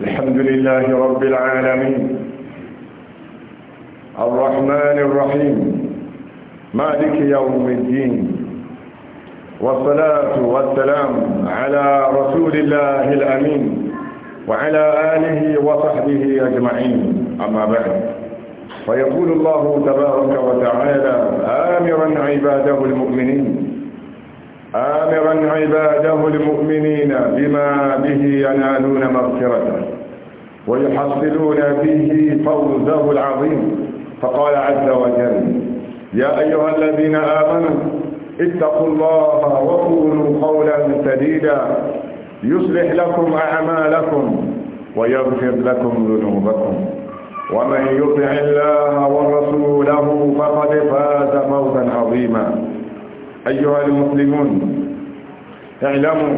الحمد لله رب العالمين الرحمن الرحيم مالك يوم الدين والصلاة والسلام على رسول الله الأمين وعلى آله وصحبه أجمعين أما بعد فيقول الله تبارك وتعالى آمرا عباده المؤمنين آمرا عباده المؤمنين بما به ينالون مغفرته ويحصلون به فوزه العظيم فقال عز وجل يا أيها الذين آمنوا اتقوا الله وقولوا قولا سديدا يصلح لكم أعمالكم ويغفر لكم ذنوبكم ومن يطع الله ورسوله فقد فاز فوزا عظيما أيها المسلمون اعلموا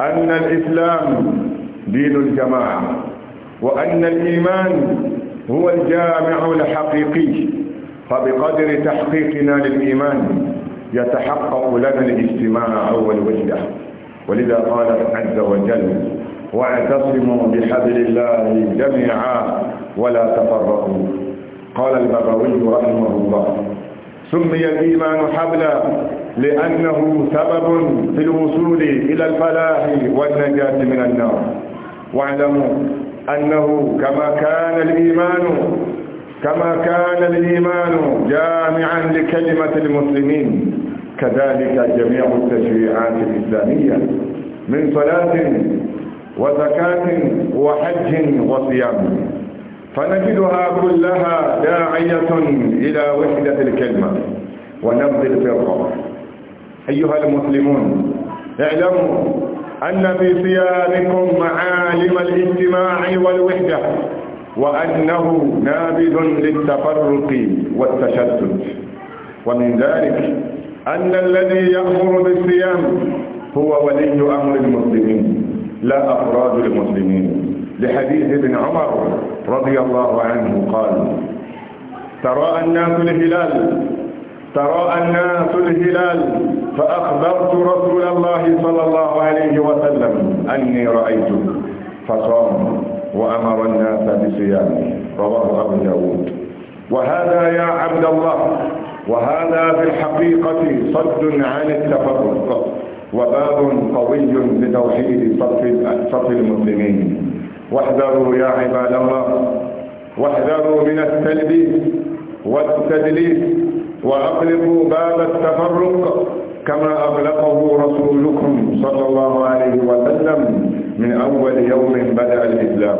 أن الإسلام دين الجماعة وأن الإيمان هو الجامع الحقيقي فبقدر تحقيقنا للإيمان يتحقق لنا الاجتماع أول ولذا قال عز وجل واعتصموا بحبل الله جميعا ولا تفرقوا قال البغوي رحمه الله سمي الإيمان حبلا لأنه سبب في الوصول إلى الفلاح والنجاة من النار واعلموا أنه كما كان الإيمان كما كان الإيمان جامعا لكلمة المسلمين كذلك جميع التشريعات الإسلامية من صلاة وزكاة وحج وصيام فنجدها كلها داعية إلى وحدة الكلمة ونبذ الفرقة أيها المسلمون اعلموا أن في صيامكم معالم الاجتماع والوحدة وأنه نابذ للتفرق والتشتت ومن ذلك أن الذي يأمر بالصيام هو ولي أمر المسلمين لا أفراد المسلمين لحديث ابن عمر رضي الله عنه قال تراءى الناس الهلال تراءى الناس الهلال فأخبرت رسول الله صلى الله عليه وسلم أني رأيته فصام وأمر الناس بصيامه رواه أبو داود وهذا يا عبد الله وهذا في الحقيقة صد عن التفرق وباب قوي بتوحيد صف المسلمين واحذروا يا عباد الله واحذروا من التلبيس والتدليس وأغلقوا باب التفرق كما أغلقه رسولكم صلى الله عليه وسلم من أول يوم بدأ الإسلام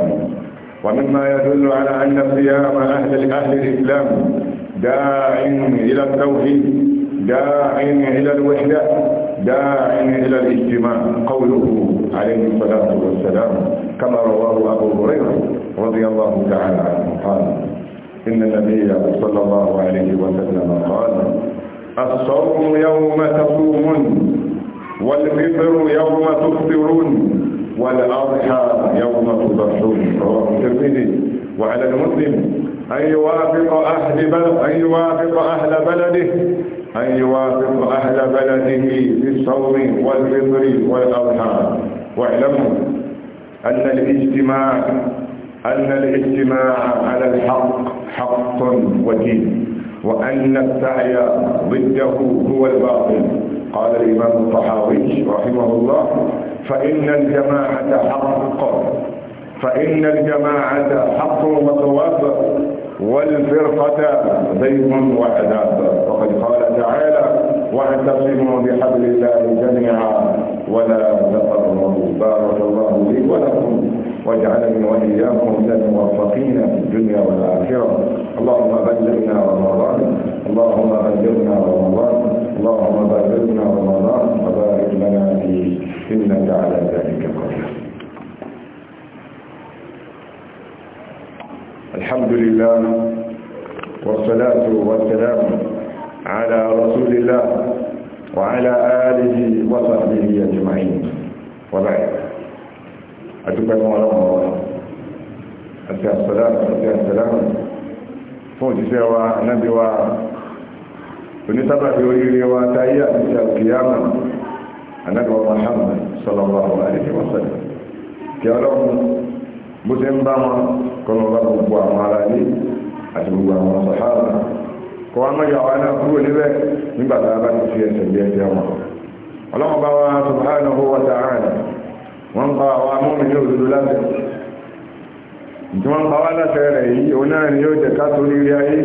ومما يدل على أن صيام أهل أهل الإسلام داع إلى التوحيد داع إلى الوحدة داع إلى الاجتماع قوله عليه الصلاة والسلام كما رواه أبو هريرة رضي الله تعالى عنه قال إن النبي صلى الله عليه وسلم قال الصوم يوم تصومون والفطر يوم تفطرون والأضحى يوم تضحون رواه الترمذي وعلى المسلم أن يوافق أهل بلد أن يوافق أهل بلده أن يوافق أهل بلده في الصوم والفطر والأضحى واعلموا أن الاجتماع أن الاجتماع على الحق حق ودين وأن السعي ضده هو الباطل قال الإمام الطحاوي رحمه الله فإن الجماعة حق فإن الجماعة حق وثواب والفرقة ضيق وعذاب وقد قال تعالى واعتصموا بحبل الله جميعا ولا تقربوا بارك الله لي ولكم واجعلني وإياكم من الموفقين في الدنيا والآخرة اللهم بلغنا رمضان اللهم بلغنا رمضان اللهم بلغنا رمضان وبارك لنا فيه إنك على ذلك قدير الحمد لله والصلاة والسلام على رسول الله وعلى آله وصحبه أجمعين وبعد أتوقع الله أتي السلام أتي السلام فوج سوى نبي و ونسبة يريد واتايا في القيامة النبي محمد صلى الله عليه وسلم kí ọlọ́run bó ṣe ń bá wọn kọ́nà ọlọ́run gbogbo àwọn ará ilé àti gbogbo àwọn sàhábà kọ́ wa mọ́ yàwó náà kúrò níbẹ̀ nígbà tá a bá ti fi ẹsẹ̀ bí ẹsẹ̀ wọn. ọlọ́run bá wa subhanahu pa àwọn amúmi ní òdodo láti tí wọn pa wá láti rẹ̀ yìí òun náà ni yóò jẹ́ ká torí rí ayé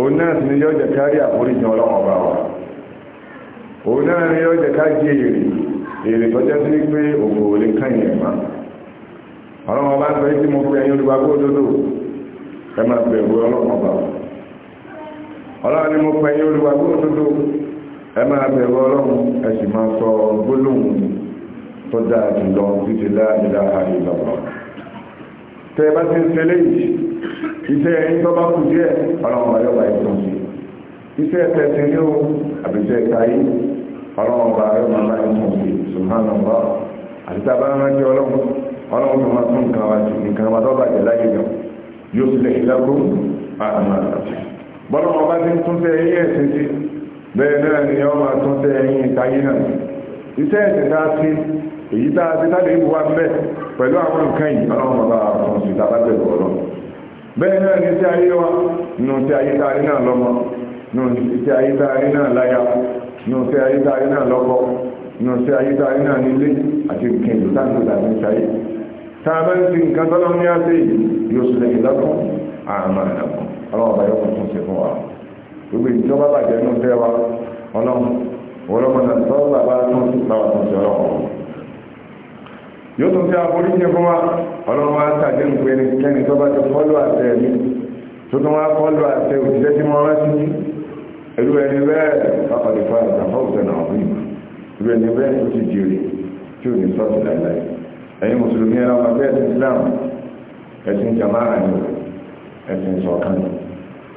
òun náà sì ni yóò ká rí bá wa òun náà ni yóò ká jí èrè èrè sí pé òkò ọlọ́run ni mo pẹ̀ yín olùwà tó òdodo ẹ máa bẹ̀rù ọlọ́run ẹ sì máa sọ gbólóhùn tó dáa jùlọ títí láàrín àárín lọ́wọ́ tẹ́ bá ti ń tẹ́lẹ̀ yìí iṣẹ́ ẹ̀yìn tó bá kù díẹ̀ ọlọ́run ọba yọba ẹ̀ tán sí iṣẹ́ ẹ̀tẹ̀ ti ní o àbíṣẹ́ ẹ̀ka yìí ọlọ́run ọba yọba bá ẹ̀ tán sí ṣùgbọ́n ọba àti tábà ń rántí ọlọ́run ọlọ́run tó máa tún nǹkan wa nǹkan wa tó bàjẹ́ láyé yọ yóò sì lè ṣe lákòó àmà àti bọ́lá wọn bá ti ń túnṣe ẹ̀yìn ẹ̀sìn sí bẹ́ẹ̀ náà ni ọ máa túnṣe ẹ̀yìn ìtayé náà iṣẹ́ ẹ̀sìn tá a ti èyí tá a ti tá lè wà mẹ́ pẹ̀lú àwọn nǹkan yìí ọlọ́run bá fún sí tá a bá bẹ̀rù ọ̀rọ̀ bẹ́ẹ̀ náà ni iṣẹ́ ayé wa nù sí ayé tá a rí náà lọ́mọ nù sí ayé tá a rí náà láya nù sí ayé tá a rí náà lọ́kọ nù sí tá a rí náà nílé àti kìnnìkan tá a ti dàbí iṣẹ́ ayé tá a bá ń sin nǹkan tọ́lọ́ ní àṣẹ yìí yóò sọ ọlọ́run ọba yóò tún ṣe fún wa gbogbo ìjọba bàjẹ́ nù tẹ́ wa ọlọ́run ọlọ́run náà tọ́ bàbá tún sí bàbá tún ṣe ọlọ́run yóò tún ṣe àforíjì fún wa ọlọ́run wa tàdé nù pé kẹ́ni tó bá ti fọ́lọ́ àtẹ mi tó tún wá fọ́lọ́ àtẹ òṣìṣẹ́ tí mo rántí irú ẹni bẹ́ẹ̀ pàpàdé fún àtàfọ́ òṣèlú àwọn irú ẹni bẹ́ẹ̀ tó ti di rí tí ò ní sọ́ọ̀tì láìláì ẹ̀yin mùsùlùmí ẹ̀rọ ọmọ bẹ́ẹ̀ ti Islam ẹ̀sìn jama'a ni o ẹ̀sìn ìṣọ̀kan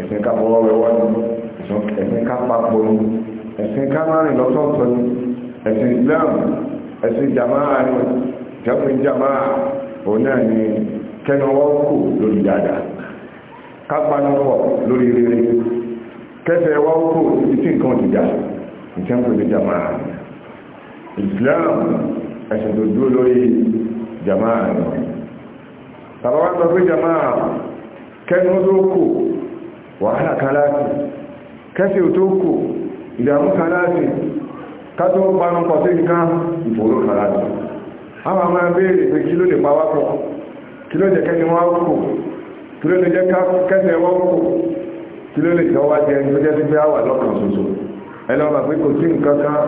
ẹ̀sìn ká fọwọ́ wẹwọ́ ni ẹ̀sìn ká papọ̀ ni ẹ̀sìn ká márìn lọ́sọ̀ọ̀tọ̀ ni ẹ̀sìn Islam ẹ̀sìn jamaa ni jẹ́pin jamaa òun náà ni kẹ́nàwọ́ kù lórí dáadáa kápánúpọ̀ lórí rere kẹsẹ̀ wá kù títí nǹkan ti dà ní jamaa Islam ẹ̀sìn tó dúró lórí jamaa ni tàbá wá sọ pé jamaa kẹnu tó kò wàhálà kan láti kẹsì tó kò ìdàmú kan láti kátó panu pọ̀ sí nǹkan ìfòòró kan láti a máa máa béèrè pé kí ló lè pa wápọ̀ kí ló jẹ́ kẹ́ni wọ́n kò kí ló lè jẹ́ kẹ́sẹ̀ wọ́n kò kí ló lè jẹ́ wá jẹ́ ẹni tó jẹ́ sí pé àwà lọ́kàn ṣoṣo ẹlọ́ba pé kò sí nǹkan kan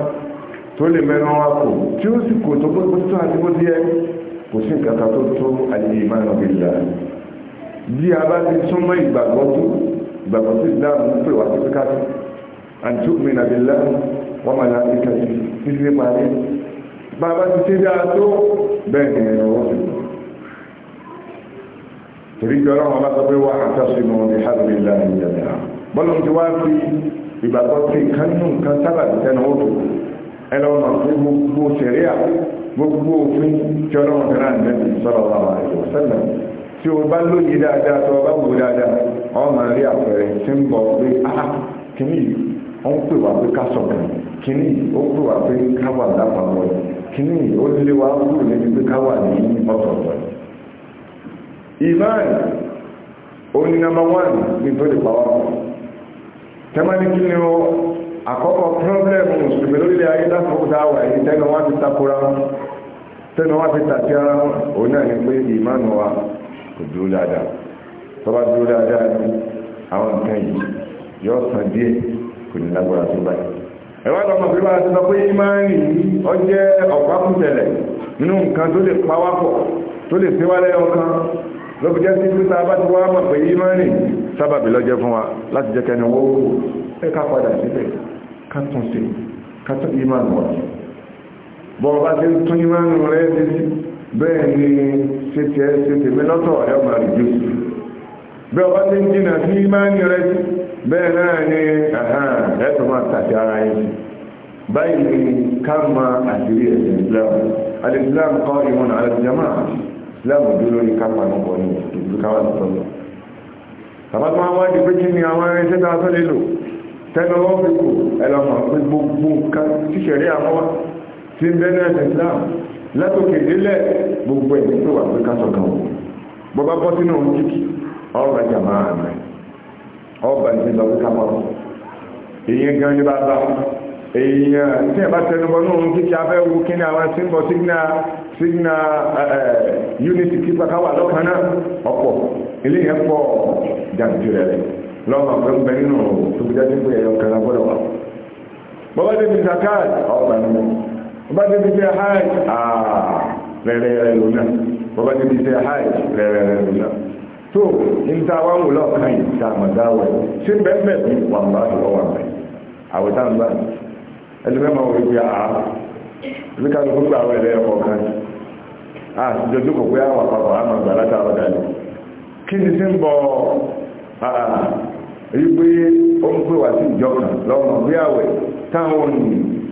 tó lè mẹ́nu wa kò tí ó sì kò tó bó tó àti bó díẹ̀ kò sí nǹkan kan tó tó àyè ìmánu bíi bí a bá ti súnmọ́ ìgbàgbọ́ tó ìgbàgbọ́ tó Islam ń pè wá sí píkàtì àti òmìn àbílá wọ́n máa láti kàtì títí ní parí bá a bá ti ṣe dáa tó bẹ́ẹ̀ ni ẹ̀rọ wọ́n ti lọ torí pé ọlọ́run bá sọ pé wà á tọ́sí mọ́ ní hábìlá ní ìjọba bọ́lá ti wá fi ìgbàgbọ́ sí kánú nǹkan sábà tẹnu ó tó ẹ lọ́wọ́ máa fi gbogbo sẹ̀ríà gbogbo òfin tí ọlọ́run fẹ́ràn nẹ́bí sọ́rọ̀ tí o bá lóye dáadáa tó o bá wò dáadáa ọ ma rí àpẹẹrẹ tí ń pé aha kìíní ó ń pè wá pé ká kìíní ó ń pè wá pé ká wà lápapọ̀ kìíní ó lé wá kúrò níbi pé ká wà ní ọ̀tọ̀ọ̀tọ̀. ìmáàlì oní nàmbà wán ní tó lè pàwọ́ tẹ́mání kí ni ó àkọ́kọ́ pírọ́blẹ́mù mùsùlùmí lórílẹ̀ ayé tẹ́nu wá ní pé ìmánu kò dúró dáadáa tó bá dúró dáadáa ní àwọn nǹkan yìí yóò san díẹ̀ kò ní lágbára tó báyìí ẹ̀wọ́n lọ́mọ pé bá ti sọ pé ìmáàrì ọ jẹ́ ọ̀pá fúnbẹ̀lẹ̀ nínú nǹkan tó lè pawápọ̀ tó lè fi wálẹ̀ ọkàn lóbi jẹ́ sí pípa bá ti wá mọ̀ pé ìmáàrì sábàbí lọ́jẹ́ fún wa láti jẹ́ kẹni owó ẹ̀ka padà síbẹ̀ ká tún sí ká tún ìmáàrì wọ̀ bọ́ ọba ti tún ìmáàrì rẹ̀ sí bẹ́ẹ̀ ni ṣe tẹ́ ṣe tèmi lọ́tọ̀ ẹ̀ ọmọ àrùjú bẹ́ ọba ti ń jìnà sí ìmáàní rẹ bẹ́ẹ̀ náà ni ẹ̀tọ́ máa tàbí ara yìí báyìí ni ká máa àṣírí ẹ̀sìn Islam al-Islam kọ́ ìmọ̀nà alẹ́sìnjámà Islam dúró ní kápá nípọ̀ ní ìlú káwà lọ́tọ̀ lọ bàbá tó máa pé kí ni àwọn irinṣẹ́ tá a tó tẹ́lẹ̀ wọ́n fi kù ẹlọ́mọ̀ pé gbogbo nǹkan àwọn tí ń bẹ́ẹ̀ náà ẹ̀sìn Islam látòkè délẹ̀ gbogbo ẹ̀ nípò wà pé kásọ̀ kan bọ́bá bọ́ sínú ohun kíkì ọba jàmá àmì ọba ìdí lọ kíkà mọ́ èyí gan ní bàbá èyí tí ẹ̀ bá tẹnubọ́ ní ohun kíkì afẹ́ wu kí ni àwọn unity káwà lọ́kàn náà ọ̀pọ̀ ilé yẹn pọ̀ rẹ̀ lọ́mọ pé ń bẹ nínú bá ti fi ṣe hajj rẹ̀rẹ̀ rẹ̀ lónà bá ti fi ṣe hajj rẹ̀rẹ̀ rẹ̀ lónà tó ń ta wá ń wùlọ kan yìí ta àmàdá wẹ̀ ṣé bẹ́ẹ̀ bí wà bá ti wọ́n wà bẹ̀ àwòtá ń bá ẹlẹ́fẹ́ máa wọlé pé àá ah, bí ká ló fún gbà wẹ̀ lẹ́yìn ọkàn àtijọ́jú kò pé àwọn àpapọ̀ àmà gbà látàrọ̀ dàlẹ̀ kí ni sí ń bọ̀ àà ah, rí pé ó ń pè wá sí ìjọ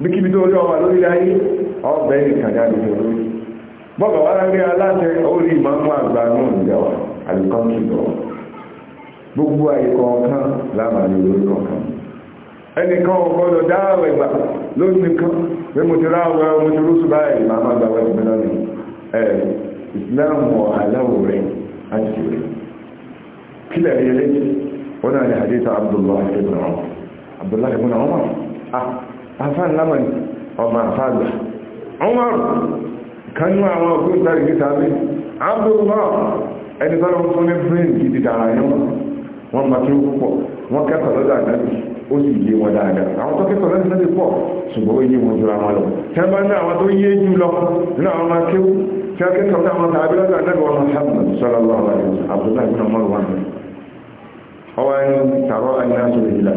bí kí tó rí ọmọ lórí ayé ọgbẹ́ ìkàdá lórí bọ́gbà wá rí aláṣẹ orí àgbà náà ìjọwà gbogbo kọ̀ọ̀kan kọ̀ọ̀kan ẹnìkan dáàwẹ̀ gbà lónìí kan pé mo ti afá ńlámà ní ọmọ afá àgbà ọmọrù kanú àwọn ọgbọ́n tàbí ní tàbí abúrúbá ẹni tọ́lọ ń fún ní brain gidi dára yọ wọ́n ma kí ó púpọ̀ wọ́n kẹ́kọ̀ọ́ lọ́dọ̀ àgbàbí ó sì yé wọn dáadáa àwọn tó kẹ́kọ̀ọ́ lọ́dọ̀ àgbàbí pọ̀ ṣùgbọ́n ó yé wọn jura wọn lọ tí a bá ní àwọn tó yé jù lọ ní àwọn máa kéwú tí a kẹ́kọ̀ọ́ ní àwọn tàbí lọ́dọ̀ àgbàbí wọn máa sábà sọ́lọ́ lọ́wọ́ àbúrò àgbàbí wọn mọ́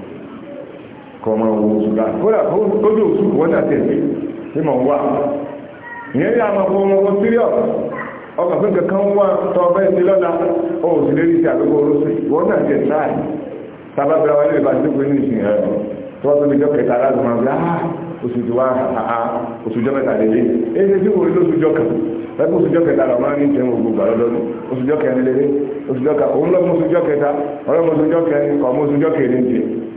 kọmọ owó ṣùgbà kódà tó dò oṣù wọ́n náà tẹ̀lé tí mọ̀ ń wà ìyẹn yà máa fọwọ́ owó síríọ̀ ọkọ̀ fún kankan wà tọ́ bẹ́ẹ̀ sí lọ́la lérí sí wọ́n tẹ̀ táì sábà bẹ́ẹ̀ pé ní ìsìn rẹ̀ tó lè jọ kẹta máa ah, oṣù wá oṣù jọ mẹ́ta tí lóṣù jọ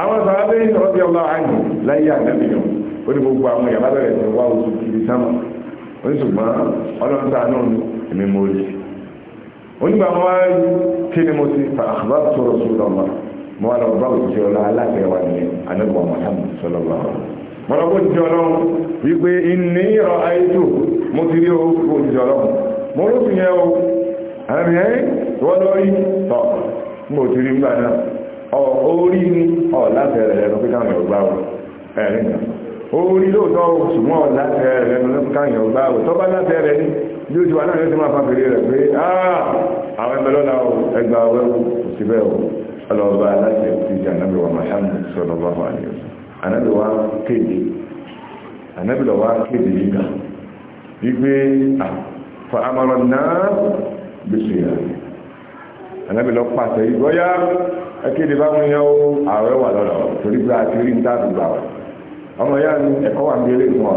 àwọn sàábé ìṣòro bí ọlọ́ àyè láyé àgbẹ̀bí yọ ó ní gbogbo àwọn ìyàbá bẹ̀rẹ̀ sí wá oṣù kiri sámà ó ní ṣùgbọ́n ọlọ́run sáà náà ní èmi mo rí onígbà wọn wá rí kí ni mo ti fa àbá sọ̀rọ̀ sọ̀rọ̀ ọmọ mo wá lọ bá òṣìṣẹ́ ọlá aláfẹ́ wa ní anábọ̀ mọ̀tàmù sọ̀rọ̀ ọmọ mọ̀lọ́gbọ́ wípé ìní ìrọ̀ àìjò mo ti rí owó òṣìṣẹ́ ọlọ́run mo rúbìyẹn o àmì ẹ̀ wọ́n lọ rí tọ̀ mo ti rí ńgbà náà orí ní ọ̀láfẹ́ rẹ̀ lẹ́nu pín káwọn ọgbà wọn ẹ̀rin náà orí lóòótọ́ ṣùgbọ́n ọ̀láfẹ́ rẹ̀ lẹ́nu pín káwọn ọgbà wọn tọ́bá láfẹ́ rẹ̀ ní bí ó ti wà náà yóò ti máa fa fèrè rẹ̀ pé àwọn ẹgbẹ́ lọ́la ẹgbà ọwẹ́ òsìbẹ́ ò ọlọ́ọ̀bá aláṣẹ ti di ànábì wa Muhammad sallallahu alaihi wasallam ànábì wa kéde ànábì lọ́wọ́ kéde yíga ẹkéde bá mú yẹn ó ààrẹ wà lọ́dọ̀ torí pé a ti rí níta àdúgbà wa ọmọ yá ni ẹ̀kọ́ wà ń bí eré fún ọ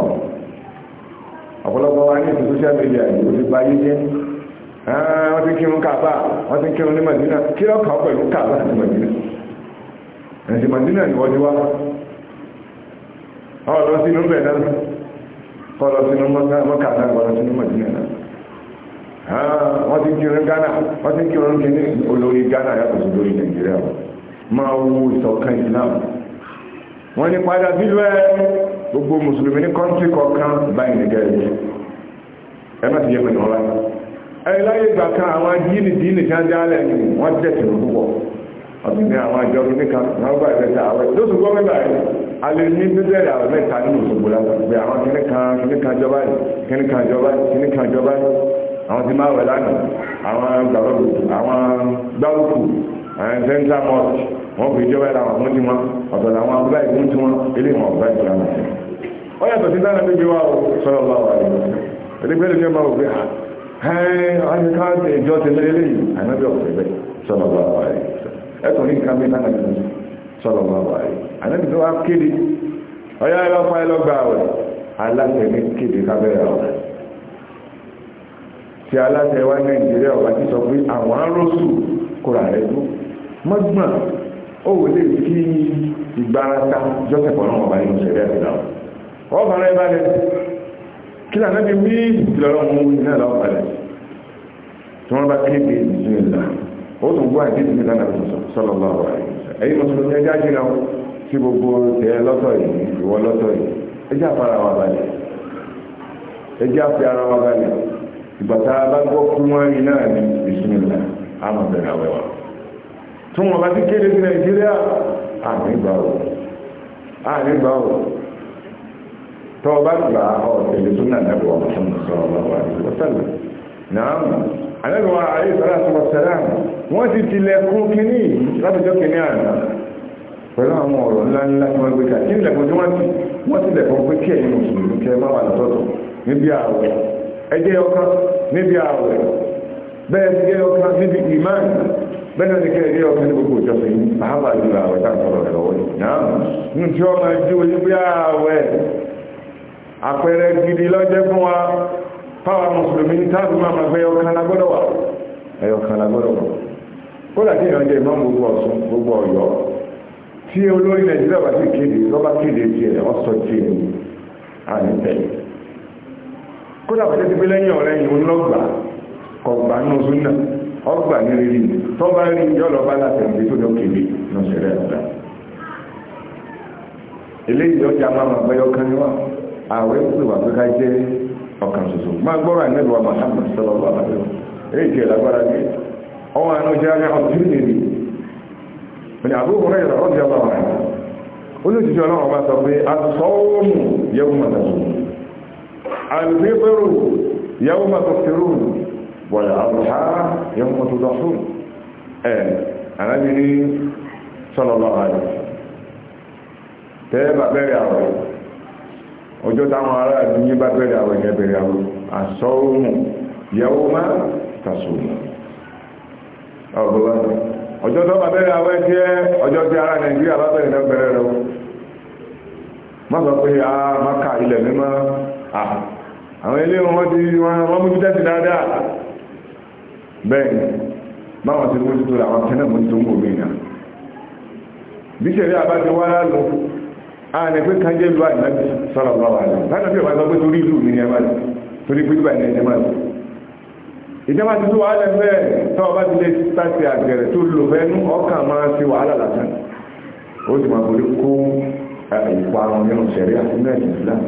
ọ̀pọ̀lọpọ̀ wa ní ètò social media yìí ó ti gba ayé jẹ́ wọ́n ti kírun kàbá wọ́n ti kírun ní Madina kí lọ́kàn pẹ̀lú kàbá àti Madina ẹ̀sìn Madina ni wọ́n ti wá ọ̀rọ̀ sínú bẹ̀rẹ̀ kọ́ lọ sínú lọ sínú Madina náà wọ́n ti kírun Ghana wọ́n ti kírun kí ní olórí Ghana yàtọ̀ sí lórí Nàìjíríà máa wo ìṣọ̀kan Islam wọ́n ní padà sílùú ẹ gbogbo mùsùlùmí ní kọ́ńtì kọ̀ọ̀kan báyìí ní gẹ̀ẹ́jì ẹ má ti yẹ pẹ̀lú ọlá ẹ láyé ìgbà kan àwọn díìnì díìnì tí wọ́n dálẹ̀ wọ́n tẹ̀sí púpọ̀ ọdún ní àwọn àjọ ọdún nìkan wọn gbà ìfẹsẹ àwẹ lóṣù gbọ́ mẹ́ta yìí a lè ní bíbélì àwẹ mẹ́ta nínú Òṣogbo la gbé àwọn kìnnìkan kìnnìkan jọba yìí jọba yìí jọba àwọn ti máa wẹ̀ lánàá àwọn gbàgbọ́gbò àwọn gbárùkù àwọn central mosque wọ́n fi ìjọba ẹ̀rọ àwọn múntí wọn ọ̀tọ̀ làwọn abúlá ìmúntí wọn ilé ìwọ̀n ọ̀gá ìsìlámù ó yàtọ̀ sí sáà níbi wa o sọ̀rọ̀ bá wà lọ ẹ̀dẹ́gbẹ́rẹ́ ní ọmọ òfin ẹ̀ẹ́n àti káàtì ìjọ ti lé lé yìí ànábì ọ̀fẹ́ bẹ́ẹ̀ sọ̀rọ̀ bá wà lọ ẹ̀tọ́ ní nǹkan bí sáà níbi sọ̀rọ̀ bá wà lọ ànábì tó wá kéde ọ̀yá ẹ̀rọ fáìlọ́gbà rẹ̀ aláṣẹ ní kéde kábẹ́rẹ́ ọ̀rẹ́ tí aláṣẹ wa nàìjíríà ọba ti sọ pé àwọn arósù kóra rẹ tó mọ́gbọ́n ó wò lè fi ìgbárata joseph ọlọ́run ọba nínú ìṣẹ̀lẹ̀ àti ìdáwọ̀ ọba rẹ balẹ̀ kí lànà bí wí ìlọ́rọ̀ mú iná lọ́wọ́ balẹ̀ tí wọ́n bá kéde ìdíjìnlá ó tún gbọ́ àti ìdíjìnlá náà sọ̀rọ̀ lọ́wọ́ rẹ̀ ẹ̀yin mùsùlùmí ẹjá jìnnà sí gbogbo tẹ̀ lọ́tọ̀ yìí ìwọ lọ́tọ̀ yìí ẹjá fara wa balẹ̀ ẹjá fi ara ìgbàtà bá fún wọn náà ní ìsinmi àmọ̀ bẹ̀rẹ̀ àwẹ̀wà wọ́n bá ti kéde sí nàìjíríà àmìgbàwò àmìgbàwò tọ́ bá gbà ọ̀tẹ̀lẹ̀ tó pẹ̀lú àwọn ọ̀rọ̀ ńláńlá tí wọ́n gbé ká kí nílẹ̀kùn tí wọ́n ti wọ́n pé kí bá wà níbi ẹjẹ́ ọkàn níbi ààwẹ̀ bẹ́ẹ̀ ti jẹ́ ọkàn níbi ìmáànì bẹ́ẹ̀ ni kẹ́ ẹjẹ́ ọkàn ní gbogbo ìjọsìn yìí sàhábà ju ààwẹ̀ tá à ń sọ̀rọ̀ rẹ̀ lọ́wọ́ yìí náà ní tí ọmọ ẹjú onígbé ààwẹ̀ àpẹẹrẹ gidi lọ́jẹ́ fún wa fáwọn mùsùlùmí ní táàbù máa máa gbé ọkàn lágbọ́dọ̀ wà ẹ̀yọkàn lágbọ́dọ̀ wà kódà kí ìrànjẹ ìmọ̀ gbogbo ọ̀sùn gbogbo ọ̀yọ́ tí olórí nàìjíríà bá ti kéde lọ́ba kéde tiẹ̀ ọ̀sọ̀ tiẹ̀ àní tẹ̀lé kódà pàtẹ́ ti pé lẹ́yìn ọ̀rẹ́ yìí onílọ́gbà kọ̀gbà ní oṣù náà ọgbà ní rírí tó bá rí yọ́lọ bá láti rí tó lókèlè ní ọ̀sẹ̀rẹ̀ ọ̀dà ilé ìjọjà máa ma bẹ́yọ kan níwá ààwẹ́ pè wà pé ká jẹ́ ọkàn ṣoṣo máa gbọ́rọ̀ àìmẹ́lùwà Muhammad sọ́lọ́lọ́ àbájọ́ èyí ti ẹ̀lágbára ní ọwọ́ àánú jẹ́ àmì ọ̀tún nìrí ní àbúrò rẹ̀ ìrọ̀rọ̀ jẹ́ ọlọ́run olóòtítọ́ ọlọ́run bá sọ pé asọ́ọ̀mù yẹ́wùmọ̀ tàbí الفطر يوم تفطرون والأضحى يوم تضحون آه أنا بني صلى الله عليه وسلم تابع بيري عوي ọjọ́ táwọn ará àdúgbò bá bẹ̀rẹ̀ àwọn nke bẹ̀rẹ̀ àwọn àsọ́ọ̀mù yawma tasùnmù taso ọjọ́ tó bá bẹ̀rẹ̀ àwọn ẹ̀jẹ́ ọjọ́ tí ará nàìjíríà bá bẹ̀rẹ̀ náà bẹ̀rẹ̀ rẹ̀ sọ pé a maka ilẹ̀ mímọ́ àwọn ilé wọn ti wọn mójú tẹ́sì dáadáa bẹ́ẹ̀ báwọn ti mójú tó làwọn kẹ́nà mójú tó ń bò mìíràn bí ṣẹ̀rí àbá ti wá lọ a ní pé kan jẹ́ ìlú àìlábí sọ́rọ̀ bá wà lọ láti fi wọ́n sọ pé torí ìlú mi ni ẹ máa torí pé ìgbà ni ẹ máa ìjọba ti tó wàhálà fẹ́ tọ́ ọba ti lè tàṣì àgẹ̀rẹ̀ tó lò máa borí kó ìpa àwọn mìíràn ṣẹ̀rí àti mẹ́rin ìsìlámù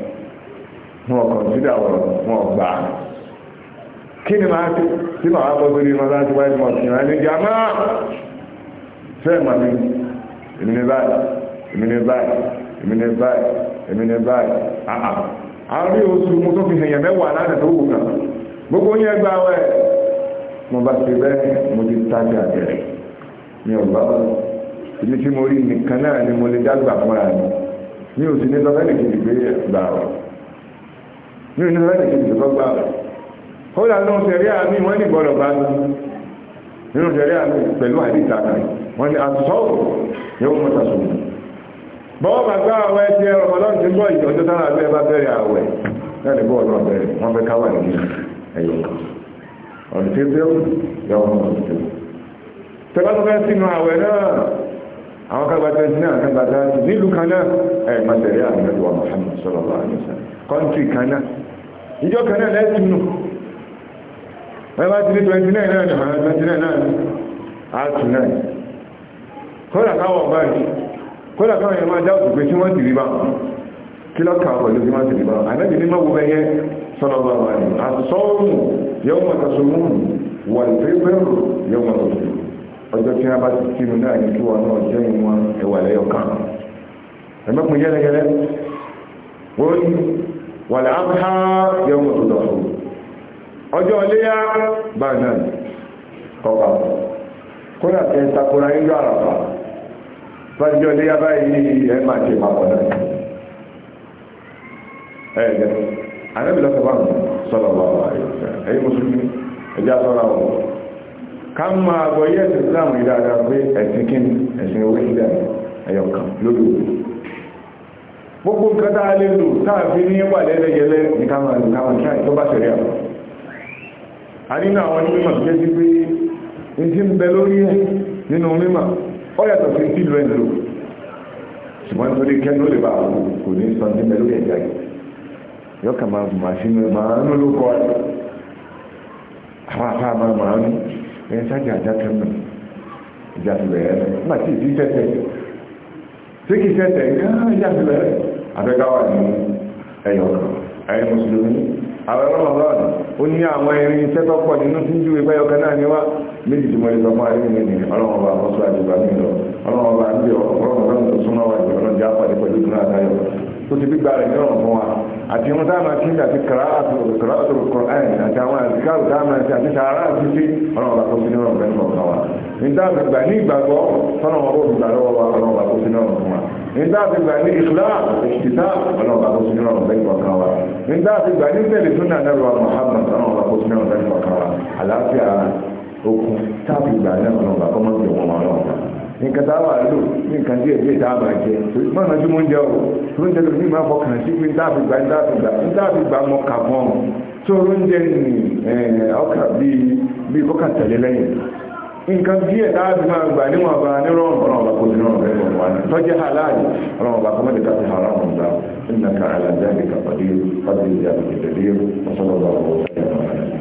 wọn kọ̀nsídà ọ̀rọ̀ gbà kí ni máa ti tí màá wá gbọ́gbé ní mọ́tà tí wáyé mọ́tì náà ní jàmá fẹ́ mà mí èmi ní báyìí èmi ní báyìí èmi ní báyìí èmi ní báyìí àhà oṣù mo tó fi hẹ̀yẹ̀ mẹ́wàá láti gbogbo yẹn mo bá ti mo ti tájà mi ò bá ibi tí mo rí nìkan náà ni mo lè fúnra mi mi ò sì ní oṣù lọ́dẹ̀ kejì tó gbá rẹ̀ ó dà lóun ṣẹ̀rí àmì wọ́n ní gbọ́dọ̀ bá ní nínú ṣẹ̀rí àmì pẹ̀lú àdìta kan wọ́n ní àtúnṣọ́wò yóò mọ̀ tàṣùn bọ́ọ̀ bá gbá àwọ̀ ẹtì ẹ̀rọ ọlọ́run ti gbọ́ ìjọ tó sára abẹ́ bá bẹ̀rẹ̀ àwẹ̀ náà ní bọ́ọ̀ náà bẹ̀rẹ̀ wọ́n fẹ́ káwà ní ẹ̀yọ̀ ọ̀nà tí ó yọ ọmọ tó tẹ́lá tó fẹ́ sínú àwẹ̀ náà àwọn kágbàtà ní àkágbàtà nílùú kan náà ẹ̀ ìjọ kan náà lẹ́sìn nù wọ́n bá ti ní 29 náà ní ọ̀nà 29 náà 29 àtù náà kódà káwọ̀ báyìí kódà káwọ̀ yẹn máa dáwọ̀ pé tí wọ́n ti rí bá kí lọ́kà pẹ̀lú tí wọ́n ti rí bá ànábì ní mọ́wọ́ bẹ́yẹ sọ́nà bá wà ní àsọ́ọ̀mù yóò mọ̀ tọ́sọ mú wà ní pẹ́pẹ́rù yóò mọ̀ tọ́sọ ọjọ́ tí wọ́n bá ti kírun náà ní kí wọn náà jẹ́ ìwọ̀n ẹ̀wà lẹ́yọ̀ kan ẹ̀mẹ́kùn yẹ́lẹ́yẹ́lẹ́ wọ́n wàlẹ̀ àbúhá tó kódà takora àràpà fàájọ́ báyìí ẹ máa tẹ papọ̀ náà ẹ ẹ wà mùsùlùmí ẹjá ká máa gbọ́ yẹ́ ẹ̀sìn Islam ìdáadáa pé ẹ̀sìn kí ẹ̀sìn owó òkú gbogbo nǹkan tá a lè lò táàfin ní wà lẹ́lẹ́gẹ̀lẹ́ nìkanwà nìkanwà kí àìtọ́ bá ṣẹ̀rẹ̀ àwọn a nínú àwọn mímọ̀ tó jẹ́ sí pé n ti ń bẹ lórí ẹ̀ nínú mímọ̀ ó yàtọ̀ sí sí ìlú ẹ̀lò ṣùgbọ́n nítorí kẹ́nu lè bá àwọn kò ní sọ ní bẹ lórí ẹ̀já yìí yọ kà máa máa sí mi máa ń ló kọ́ ẹ̀ àwọn afá máa máa ń ẹ̀ sájà àjá kẹ́mù ìjà ti bẹ̀rẹ̀ afẹ́káwà ní ẹyọ kan ẹ̀yìn mùsùlùmí àwọn ẹ̀rọ ọlọ́run ó ní àwọn irin iṣẹ́ tó pọ̀ nínú tí ń ju ìpẹ́yọ kan náà níwá méjì tí mo lè sọ fún àrí mi ní ọlọ́run ọba àwọn sọ àjùbá mi lọ ọlọ́run ọba àbí ọlọ́run ọba mi súnmọ́ wa ìgbà ọlọ́run jẹ́ àpàdé pẹ̀lú ìdúrà àtayọ̀ ó ti gbígba rẹ̀ nírọ̀ fún wa àti irun tá a máa kíni àti kàrá àtòrò kàrá àtòrò kọ̀ọ̀án nítàbígbà ní ìgbàgbọ́ sọ́nà ọ̀rọ̀ olùgbàlọ́wọ́ wa ọlọ́ọ̀bà tó sínú ọ̀rọ̀ wa nítàbígbà ní ìfìlá ìṣìṣà ọlọ́ọ̀bà tó sínú ọ̀rọ̀ bẹ́ẹ̀ kọ̀ọ̀kan wa nítàbígbà ní tẹ̀lé tó náà lẹ́rọ Muhammad sọ́nà ọ̀rọ̀ tó sínú ọ̀rọ̀ bẹ́ẹ̀ kọ̀ọ̀kan wa àlàáfíà okun tàbígbà náà ọlọ́ọ̀bà kọ́ wà lò ní díẹ̀ díẹ̀ tá a máa jẹ náà tí mo ń jẹ o tó ń jẹ lómi máa fọkàn sí pé níta àfìgbà níta àfìgbà níta àfìgbà mọ kà ní ọkà bíi bíi kọkà nǹkan díẹ̀ láti máa gbà níwọ̀n bá nírọ̀rùn ọ̀rọ̀ ọ̀bá kò nírọ̀rùn rẹ̀ wọ̀n wá ní tọ́jẹ́ aláàrí ọ̀rọ̀ ọ̀bá kọ́ mẹ́ta ti hàrá ọ̀rọ̀ ọ̀dá ìnàkà alájáde kàpàdé fàdé ìyàwó ìdẹ̀dẹ̀ ọ̀sọ́lọ́gbà ọ̀rọ̀ ọ̀sọ́lọ́gbà